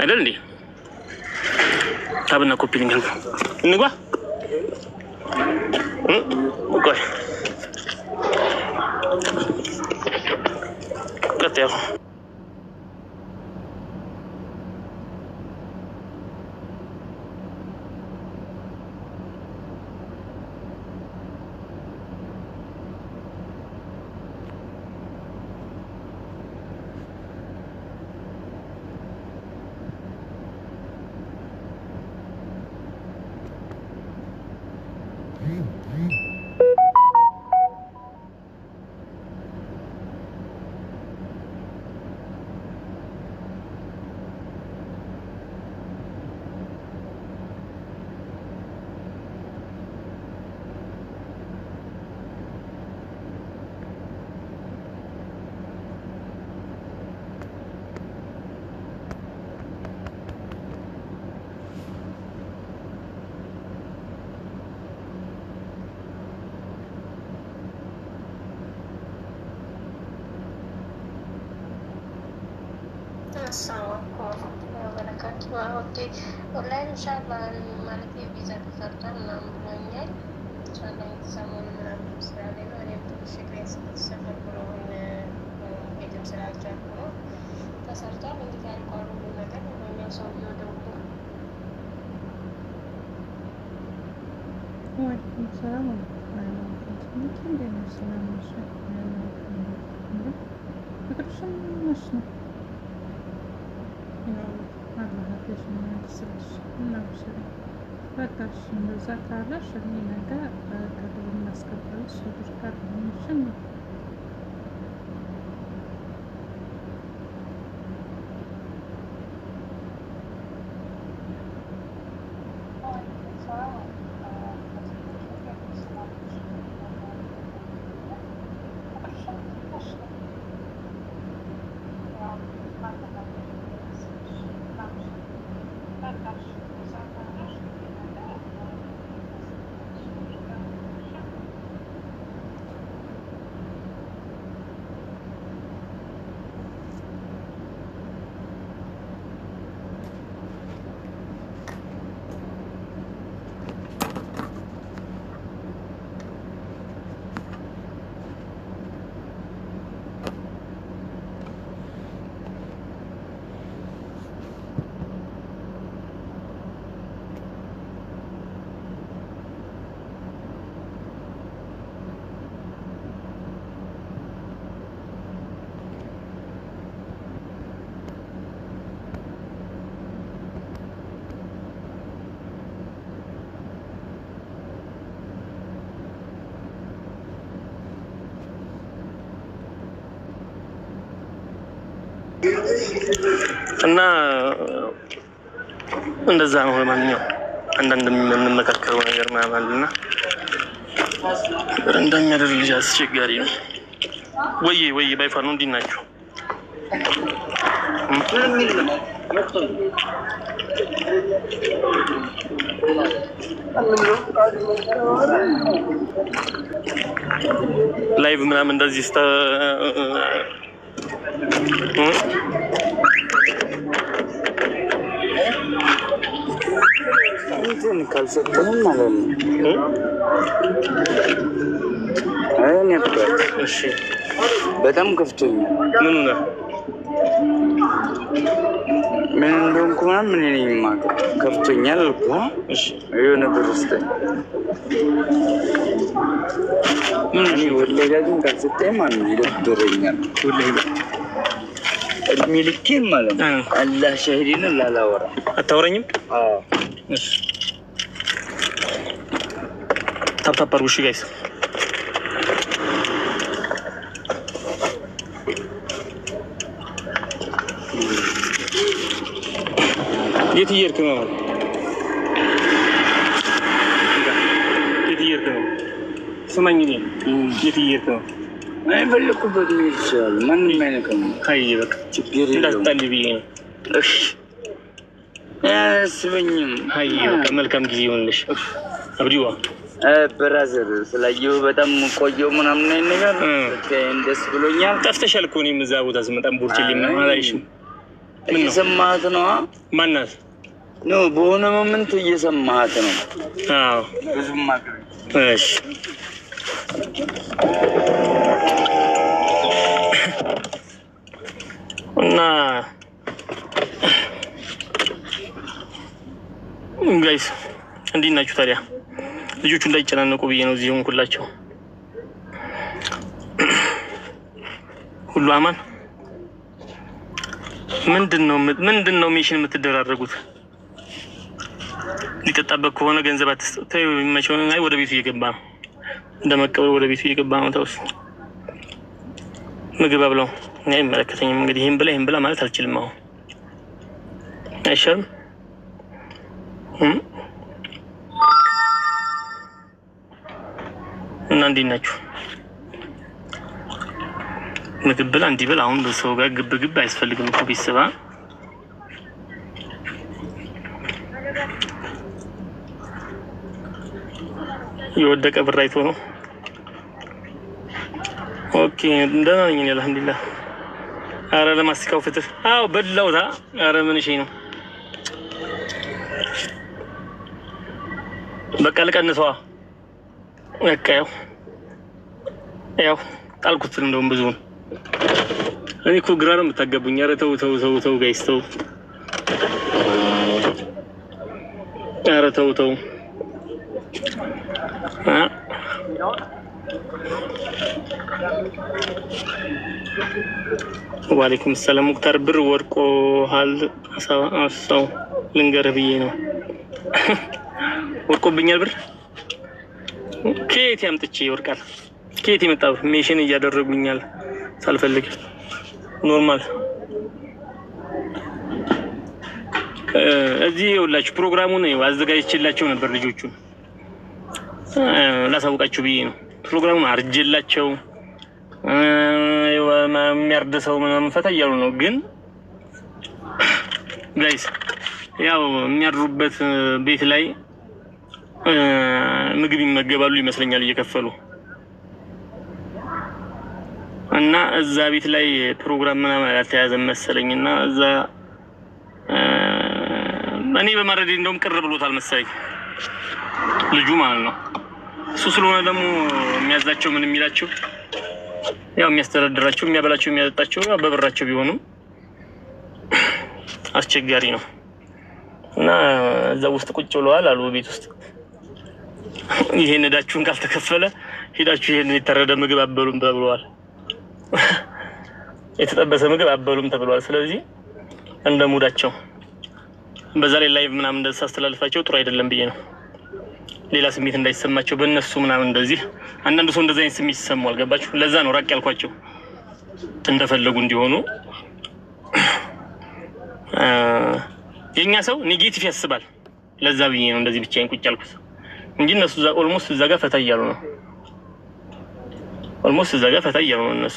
አይደል እንዴ? ታብና ኮፒ ሊንክ እንግባ። ቆይ ቀጥ ያው అయితే online shop మనకి వీసాకి కడతాం నమ్ముతున్నాయి చాలా సమయంలో రాలేదు అని ఎప్పుడు శిక్షణ ఏజెన్సీ రాజాను ተሰርቷል። እንግዲህ ያልኩ አንዱ ነገር ወይም ሰውየው ደግሞ ዋሌኩም ሰላም ሰላም yapıyorsun? yaşamına kısılır. Bundan şey sonra vatandaşında zakarlaşır. Yine de e, kadının maskatları sürür. Kadının için mi? Soramadım. እና እንደዛ ነው። ለማንኛውም አንዳንድ የምንመካከረው ነገር ምናምን አለና እንደሚያደርግ ልጅ አስቸጋሪ ነው። ወይ ወይ ባይፋ ነው እንዲህ ናቸው። ላይቭ ምናምን እንደዚህ እንትን ካልሰጠህም ማለት ነው። እኔ በጣም ከፍቶኛል። ምን ምን እንደሆንኩ ምናምን ምን እኔ የማውቀው ከፍቶኛል እኮ የሆነ ብር ስጠኝ። ወለጋ ግን ካልሰጠኝ ማለት ነው ይደብረኛል። እድሜ ልኬን ማለት ነው አላህ ሻሂዴ ነው። ላላወራ አታወራኝም። ታፕ አድርጉ እሺ ጋይስ የት እየሄድክ ነው? የት እየሄድክ ነው? ስማኝ፣ የት እየሄድክ ነው? የፈለኩበት ይችላል። ማንም አይነካም። እንዳትጣልኝ ብዬ ነው። አያስበኝም። መልካም ጊዜ ይሆንልሽ። አብዲዋ ብራዘር ስላየሁ በጣም ቆየሁ ምናምን ነገር እንደስ ብሎኛል። ጠፍተሻል እኮ እኔም እዛ ቦታ ስመጣም ቦርቼ ሊመ አላይሽም እየሰማሃት ነው። ማናት ኖ በሆነ ሞመንት እየሰማሃት ነው። እሺ እና ጋይስ እንዴት ናችሁ ታዲያ? ልጆቹ እንዳይጨናነቁ ብዬ ነው እዚህ ሆንኩላቸው። ሁሉ አማን ምንድን ነው ሜሽን የምትደራረጉት? ሊጠጣበት ከሆነ ገንዘብ አትስጥ ወደ ቤቱ እየገባ ነው እንደመቀበል ወደ ቤቱ እየገባ ነው። ታውስ ምግብ አብለው አይመለከተኝም። እንግዲህ ይህን ብላ ይህን ብላ ማለት አልችልም። አሁን አይሻልም። እና እንዴት ናችሁ? ምግብ ብላ እንዲህ ብላ። አሁን በሰው ጋር ግብ ግብ አያስፈልግም እኮ ቢስባ የወደቀ ብር አይቶ ነው። ኦኬ ደህና ነኝ አልሐምዱሊላህ። አረ ለማስቲካው ፍትህ። አዎ በላውታ። አረ ምን እሺ ነው በቃ ልቀንሰዋ። በቃ ያው ያው ጣልኩት። እንደውም ብዙውን እኔ እኮ ግራ ነው የምታገቡኝ። ኧረ ተው ተው ተው ተው ጋይስ ተው፣ ኧረ ተው ተው። ዋሌኩም ሰላም ሙክታር። ብር ወድቆ ሀል አሳው ልንገርህ ብዬ ነው ወድቆብኛል። ብር ከየት ያምጥቼ ይወድቃል? ከየት የመጣ ሜሽን እያደረጉኛል ሳልፈልግ ኖርማል እዚህ የውላችሁ ፕሮግራሙን አዘጋጅቼላቸው ነበር። ልጆቹን ላሳውቃችሁ ብዬ ነው። ፕሮግራሙን አርጅላቸው የሚያርደሰው ምናምን ፈታ እያሉ ነው። ግን ጋይስ ያው የሚያድሩበት ቤት ላይ ምግብ ይመገባሉ ይመስለኛል እየከፈሉ እና እዛ ቤት ላይ ፕሮግራም ምናምን አልተያዘም መሰለኝ። እና እዛ እኔ በማረዴ እንደውም ቅር ብሎታል መሰለኝ ልጁ ማለት ነው። እሱ ስለሆነ ደግሞ የሚያዛቸው ምን የሚላቸው ያው የሚያስተዳድራቸው የሚያበላቸው የሚያጠጣቸው በብራቸው ቢሆኑም አስቸጋሪ ነው እና እዛ ውስጥ ቁጭ ብለዋል አሉ ቤት ውስጥ ይሄን እዳችሁን ካልተከፈለ ሄዳችሁ ይሄን የተረደ ምግብ አበሉም ተብለዋል። የተጠበሰ ምግብ አበሉም ተብሏል። ስለዚህ እንደ ሙዳቸው በዛ ላይ ላይቭ ምናምን እንደዚህ አስተላልፋቸው ጥሩ አይደለም ብዬ ነው። ሌላ ስሜት እንዳይሰማቸው በእነሱ ምናምን እንደዚህ አንዳንዱ ሰው እንደዚህ አይነት ስሜት ይሰማው አልገባችሁ። ለዛ ነው ራቅ ያልኳቸው እንደፈለጉ እንዲሆኑ። የእኛ ሰው ኔጌቲቭ ያስባል። ለዛ ብዬ ነው እንደዚህ ብቻዬን ቁጭ ያልኩት እንጂ እነሱ ኦልሞስት እዛ ጋር ፈታ እያሉ ነው። ኦልሞስት እዛ ጋር ፈታ እያሉ ነው እነሱ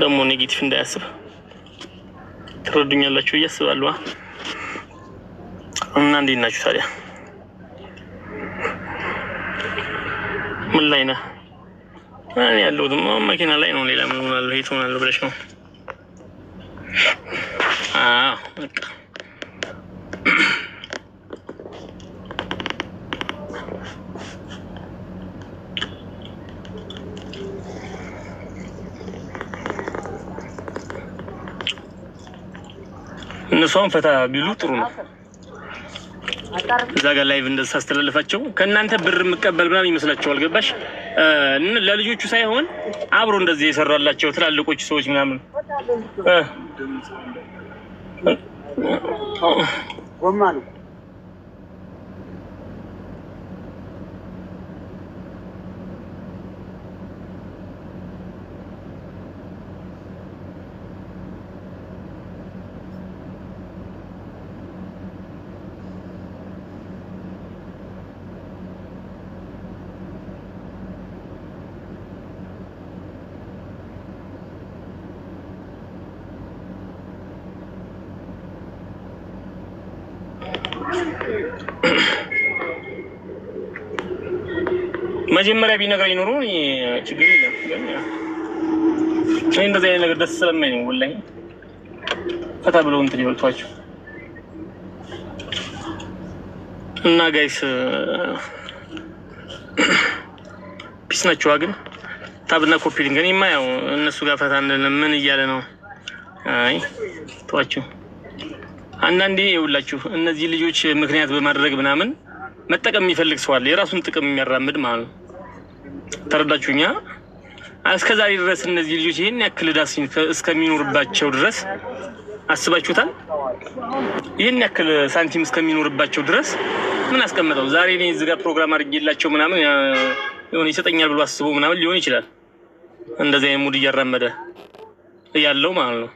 ደግሞ ኔጌቲቭ እንዳያስብ ትረዱኛላችሁ ብዬ አስባለሁ። እና እንዴት ናችሁ ታዲያ? ምን ላይ ነህ? እኔ ያለሁት መኪና ላይ ነው። ሌላ ምን ሆናለሁ? የት ሆናለሁ ብለሽ ነው? አዎ በቃ እነሷን ፈታ ቢሉ ጥሩ ነው። እዛ ጋር ላይቭ እንደዛ አስተላልፋቸው ከእናንተ ብር የምቀበል ምናምን ይመስላቸዋል። ገባሽ? ለልጆቹ ሳይሆን አብሮ እንደዚህ የሰራላቸው ትላልቆች ሰዎች ምናምን ጎማ ነው መጀመሪያ ቢነግረኝ ኑሮ ችግር የለም። እኔ እንደዚህ አይነት ነገር ደስ ስለማይ ነው። ወላሂ ፈታ ብለው እንትን ይበልቷቸው እና ጋይስ ፒስ ናቸው። ግን ታብና ኮፒ ሊንክ እኔማ ያው እነሱ ጋር ፈታ ምን እያለ ነው? አይ ተዋችሁ። አንዳንዴ የውላችሁ እነዚህ ልጆች ምክንያት በማድረግ ምናምን መጠቀም የሚፈልግ ሰው አለ፣ የራሱን ጥቅም የሚያራምድ ማለት ነው። ተረዳችሁኛ? እስከ ዛሬ ድረስ እነዚህ ልጆች ይህን ያክል ዕዳ እስከሚኖርባቸው ድረስ አስባችሁታል? ይህን ያክል ሳንቲም እስከሚኖርባቸው ድረስ ምን አስቀምጠው ዛሬ እኔ እዚህ ፕሮግራም አድርጌላቸው ምናምን የሆነ ይሰጠኛል ብሎ አስቦ ምናምን ሊሆን ይችላል። እንደዚህ አይነት ሙድ እያራመደ ያለው ማለት ነው።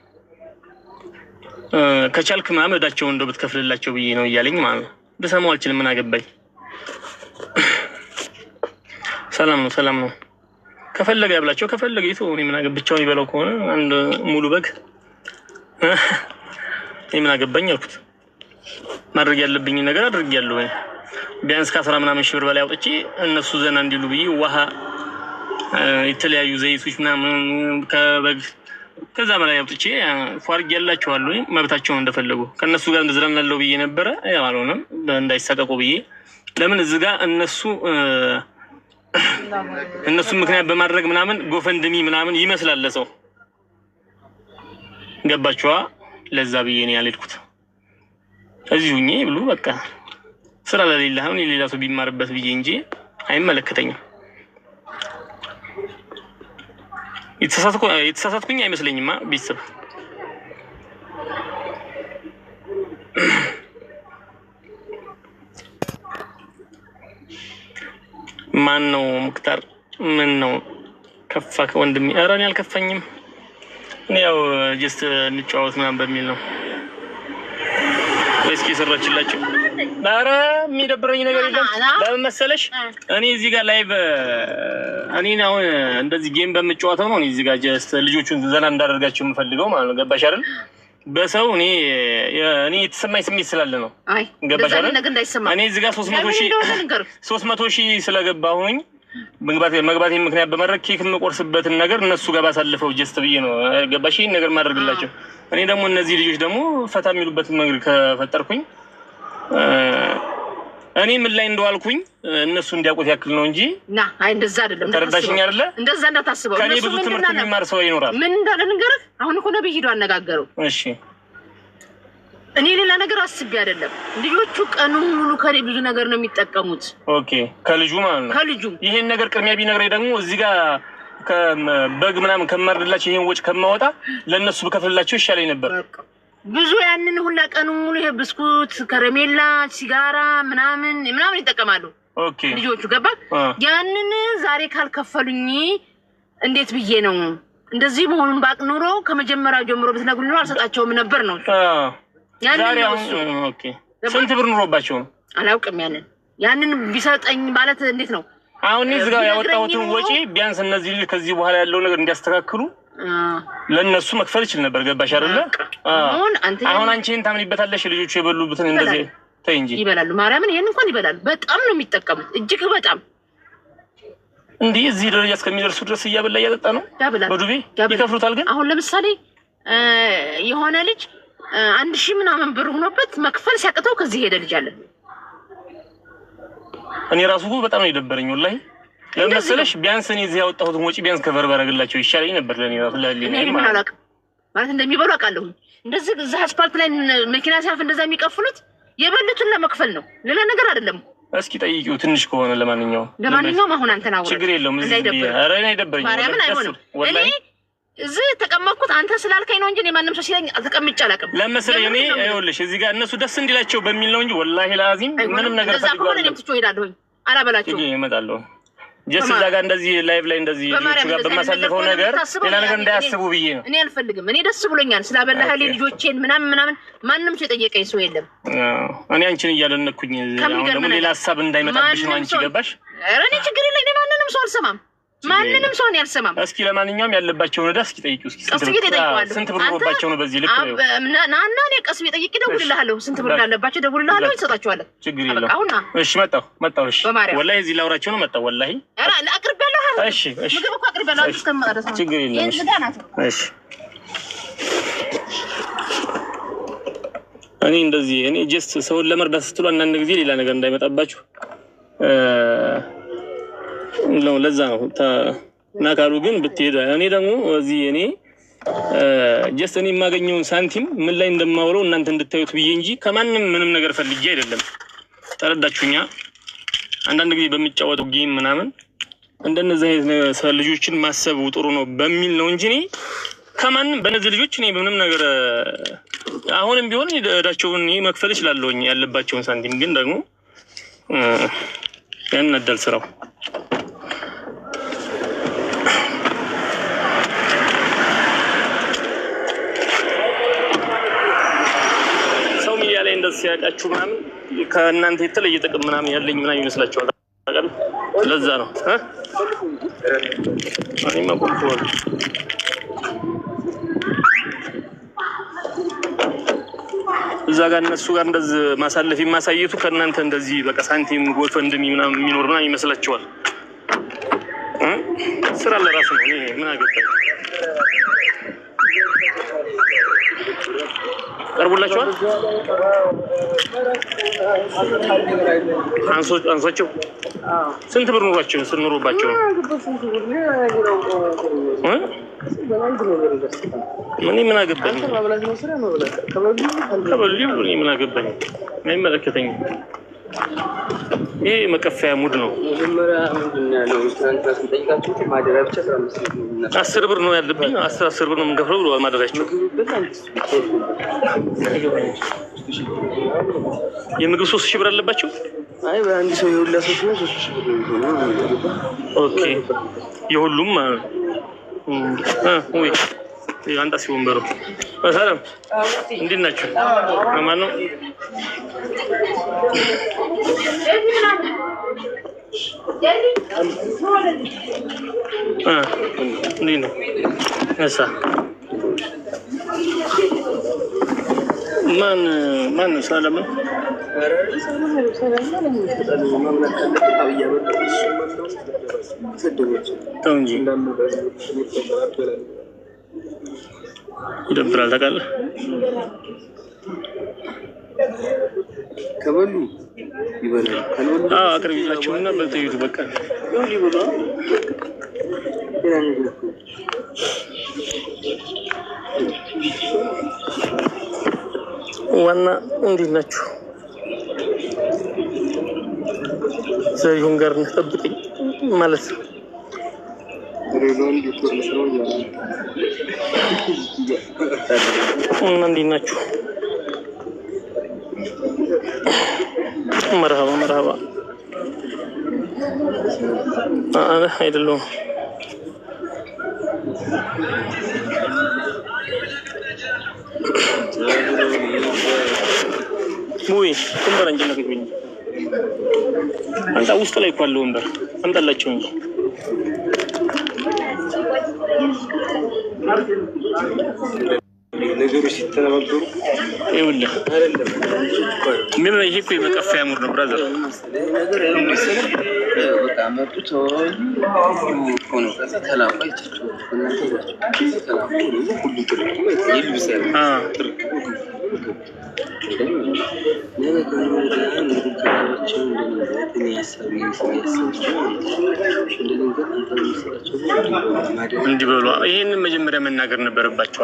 ከቻልክ ምናምን ዕዳቸው እንደው ብትከፍልላቸው ብዬ ነው እያለኝ ማለት ነው። ልሰማው አልችልም። ምን አገባኝ ሰላም ነው፣ ሰላም ነው። ከፈለገ ያብላቸው፣ ከፈለገ ይቱ። እኔ ምን አገብቻውን ይበላው ከሆነ አንድ ሙሉ በግ እኔ ምን አገባኝ አልኩት። ማድረግ ያለብኝ ነገር አድርጌያለሁ። ቢያንስ ከአስራ ምናምን ሺህ ብር በላይ አውጥቼ እነሱ ዘና እንዲሉ ብዬ ውሃ፣ የተለያዩ ዘይቶች ምናምን ከበግ ከዛ በላይ አውጥቼ ፏርግ ያላቸዋሉ መብታቸውን እንደፈለጉ ከእነሱ ጋር እንደዝረናለው ብዬ ነበረ። አልሆነም። እንዳይሳቀቁ ብዬ ለምን እዚህ ጋር እነሱ እነሱን ምክንያት በማድረግ ምናምን ጎፈንድሚ ምናምን ይመስላል ለሰው ገባችኋ? ለዛ ብዬ ነው ያልሄድኩት። እዚሁ ሁኜ ብሉ በቃ ስራ ለሌላ አሁን የሌላ ሰው ቢማርበት ብዬ እንጂ አይመለከተኝም። የተሳሳትኩኝ አይመስለኝማ ቤተሰብ ማን ነው ሙክታር? ምን ነው ከፋ ወንድሜ? ኧረ እኔ አልከፋኝም። እኔ ያው ጀስት እንጫወት ምናምን በሚል ነው። ወይስ የሰራችላቸው? ኧረ የሚደብረኝ ነገር የለም። ለምን መሰለሽ እኔ እዚህ ጋር ላይ እኔን አሁን እንደዚህ ጌም በምጫወተው ነው እዚህ ጋር ጀስት ልጆቹን ዘና እንዳደርጋቸው የምፈልገው ማለት ነው። ገባሽ አይደል? በሰው እኔ እኔ የተሰማኝ ስሜት ስላለ ነው። ገባሽ አይደል? እኔ እዚህ ጋር ሶስት መቶ ሺህ ስለገባሁኝ መግባቴን ምክንያት በማድረግ ኬክ የምቆርስበትን ነገር እነሱ ጋር ባሳልፈው ጀስት ብዬ ነው። ገባሽ? ይህን ነገር ማድረግላቸው እኔ ደግሞ እነዚህ ልጆች ደግሞ ፈታ የሚሉበትን መንገድ ከፈጠርኩኝ እኔ ምን ላይ እንደዋልኩኝ እነሱ እንዲያውቁት ያክል ነው እንጂ ና አይ እንደዛ አይደለም። ተረዳሽኝ አይደለ? እንደዛ እንዳታስበው። ከኔ ብዙ ትምህርት የሚማር ሰው ይኖራል። ምን እንዳለ ንገርህ። አሁን እኮ ነብይ ሂዶ አነጋገረው። እሺ እኔ ሌላ ነገር አስቤ አይደለም። ልጆቹ ቀኑ ሙሉ ከኔ ብዙ ነገር ነው የሚጠቀሙት። ኦኬ ከልጁ ማለት ነው ከልጁ ይሄን ነገር ቅድሚያ ቢነግረኝ ደግሞ እዚህ ጋር በግ ምናምን ከማርድላቸው ይሄን ወጭ ከማወጣ ለእነሱ ብከፍልላቸው ይሻለኝ ነበር። ብዙ ያንን ሁላ ቀኑ ሙሉ ይሄ ብስኩት፣ ከረሜላ፣ ሲጋራ ምናምን ምናምን ይጠቀማሉ ልጆቹ። ገባ ያንን ዛሬ ካልከፈሉኝ እንዴት ብዬ ነው እንደዚህ መሆኑን ባቅ ኑሮ ከመጀመሪያ ጀምሮ ብትነግሩ ኑሮ አልሰጣቸውም ነበር ነው። ስንት ብር ኑሮባቸው ነው አላውቅም። ያንን ያንን ቢሰጠኝ ማለት እንዴት ነው አሁን እዚህ ጋር ያወጣሁትን ወጪ ቢያንስ እነዚህ ከዚህ በኋላ ያለው ነገር እንዲያስተካክሉ ለእነሱ መክፈል ይችል ነበር። ገባሽ አይደለ? አሁን አንቺ ይህን ታምኒበታለሽ? ልጆቹ የበሉበትን እንደዚህ ተይ እንጂ ይበላሉ። ማርያምን ይህን እንኳን ይበላሉ። በጣም ነው የሚጠቀሙት፣ እጅግ በጣም እንዲህ እዚህ ደረጃ እስከሚደርሱ ድረስ እያበላ እያጠጣ ነው። በዱቤ ይከፍሉታል። ግን አሁን ለምሳሌ የሆነ ልጅ አንድ ሺህ ምናምን ብር ሆኖበት መክፈል ሲያቅተው ከዚህ ሄደ ልጅ አለ። እኔ ራሱ በጣም ነው የደበረኝ ወላሂ ለመሰለሽ ቢያንስ እኔ እዚህ ያወጣሁትን ወጪ ቢያንስ ከበር ባረግላቸው ይሻለኝ ነበር። ለእኔ ማለት ማለት እንደሚበሉ አውቃለሁ። እንደዚህ እዚህ አስፓልት ላይ መኪና ሲያልፍ እንደዛ የሚቀፍሉት የበሉትን ለመክፈል ነው፣ ሌላ ነገር አይደለም። እስኪ ጠይቂው ትንሽ ከሆነ ለማንኛውም ለማንኛውም አሁን አንተን አውራ ችግር የለውም። ኧረ አይደብረኝም፣ ማርያምን አይሆንም። እኔ እዚህ ተቀመጥኩት አንተ ስላልከኝ ነው እንጂ ማንም ሰው ሲለኝ ተቀምጬ አላውቅም። ለመሰለኝ እኔ ይኸውልሽ እዚህ ጋር እነሱ ደስ እንዲላቸው በሚል ነው እንጂ ወላሂ ለአዚም ምንም ነገር ፈልጓል። እኔም ትቼው እሄዳለሁኝ፣ አላበላቸውም። ይመጣለሁ ጀስ እዛ ጋር እንደዚህ ላይቭ ላይ እንደዚህ ልጆቹ ጋር በማሳልፈው ነገር ሌላ ነገር እንዳያስቡ ብዬ ነው። እኔ አልፈልግም። እኔ ደስ ብሎኛል ስላበላህ ልጆቼን ምናምን ምናምን ማንም ሰው የጠየቀኝ ሰው የለም። እኔ አንቺን እያለነኩኝ፣ አሁን ደግሞ ሌላ ሀሳብ እንዳይመጣብሽ ነው። አንቺ ገባሽ? እኔ ችግር የለ እኔ ማንንም ሰው አልሰማም። ማንንም ሰውን ያልሰማም። እስኪ ለማንኛውም ያለባቸውን ወደ እስኪ ጠይቂው እስኪ ስንት ብር ኖሮባቸው ነው በዚህ ልክ ናና እኔ ቀስ ጠይቂ፣ እደውልልሃለሁ። ስንት ብር እንዳለባቸው እደውልልሃለሁ፣ ይሰጣቸዋለን። ችግር የለም። እሺ መጣሁ መጣሁ። እሺ ወላሂ እዚህ ላውራቸው ነው መጣሁ። ወላሂ አቅርቤያለሁ። እሺ እሺ፣ ምግብ እኮ አቅርቤያለሁ። ችግር የለም። እሺ እኔ እንደዚህ እኔ ጀስት ሰውን ለመርዳት ስትሉ አንዳንድ ጊዜ ሌላ ነገር እንዳይመጣባችሁ ነው። ለዛ ነው እና ካሉ ግን ብትሄድ እኔ ደግሞ እዚህ እኔ ጀስት እኔ የማገኘውን ሳንቲም ምን ላይ እንደማውለው እናንተ እንድታዩት ብዬ እንጂ ከማንም ምንም ነገር ፈልጌ አይደለም። ተረዳችሁኛ? አንዳንድ ጊዜ በሚጫወተው ጌም ምናምን እንደነዚህ አይነት ልጆችን ማሰቡ ጥሩ ነው በሚል ነው እንጂ እኔ ከማንም በነዚህ ልጆች እኔ በምንም ነገር አሁንም ቢሆን እዳቸውን መክፈል እችላለሁኝ ያለባቸውን ሳንቲም ግን ደግሞ ያናዳል ስራው። ሲያውቃችሁ ምናምን ከእናንተ የተለየ ጥቅም ምናምን ያለኝ ምናምን ይመስላችኋል። ለዛ ነው እዛ ጋር እነሱ ጋር እንደዚህ ማሳለፍ የማሳየቱ ከእናንተ እንደዚህ በቃ ሳንቲም ጎልፎ እንደሚ ምናምን የሚኖር ምናምን ይመስላችኋል። ስራ ለራሱ ነው። ምን አገባኝ? ቀርቡላችኋል። አንሶችው ስንት ብር ኑሯቸው ስንኖሩባቸው እኔ ምን አገባኝ? ከበሉ ምን አገባኝ? አይመለከተኝም። ይህ መቀፈያ ሙድ ነው። አስር ብር ነው ያለብኝ። አስር አስር ብር ነው የምንከፍለው ብሎ ማደሪያቸው። የምግብ ሶስት ሺህ ብር አለባቸው። ኦኬ የሁሉም አንጣ ሲወንበሩ በሰላም እንዴት ናቸው? አማን ነው። ነው? ማን ማን ነው? ሰላምን ተው እንጂ ይደብራል። ታውቃለህ ከበሉ ይበላል። አቅርቢላቸውና በልተ ሂዱ። በቃ ዋና እንዴት ናችሁ? ዘሪሁን ጋር ነህ ጠብቀኝ ማለት ነው። እና እንዴት ናችሁ? መርሃባ መርሀባ። አይደለሁም ውይ ወንበር አንቺ ነግሪኝ። አንተ ውስጥ ላይ እኮ አለ ወንበር አምጣላቸው እንጂ ነገሮች ሲተነባበሩ ይኸውልህ፣ ይሄ እኮ የመቀፋ ያሙር ነው ብራዘር። እንዲበሉ ይህንን መጀመሪያ መናገር ነበረባቸው።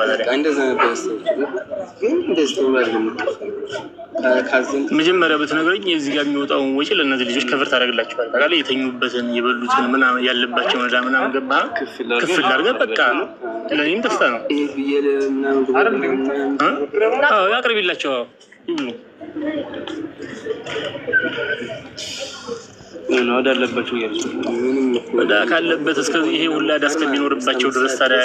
መጀመሪያ ብትነግረኝ የዚህ ጋር የሚወጣውን ወጪ ለእነዚህ ልጆች ከፍር ታደርግላቸዋል። በቃ የተኙበትን የበሉትን ምና ያለባቸው መዳ ምናምን ገባ ክፍል አድርገህ በቃ ለእኔም ደስታ ነው። አቅርቢላቸው ወዳለበት እስከ ይሄ ውላዳ እስከሚኖርባቸው ድረስ ታዲያ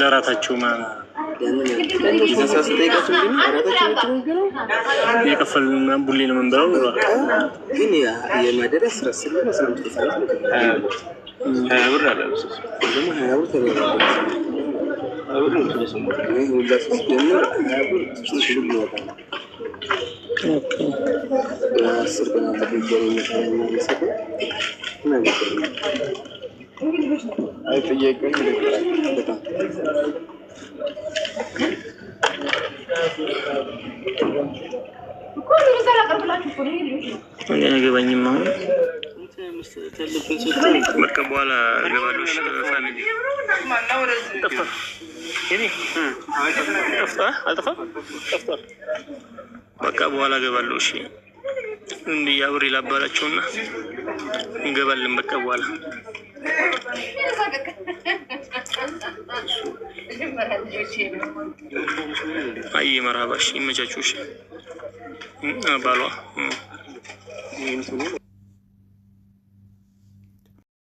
ለራታችሁ የከፈልን ቡሌ ለመንበረው ግን የማደሪያ ስራ አይ ጥያቄውን በጣም እኔ አይገባኝም። በቃ በኋላ ገባሎች በቃ በኋላ ገባለሁ። እሺ እንዲህ አብሬ ላባላቸውና እንገባለን። በቃ በኋላ አይ መርሃባሽ ይመቻችሁ። ባሏ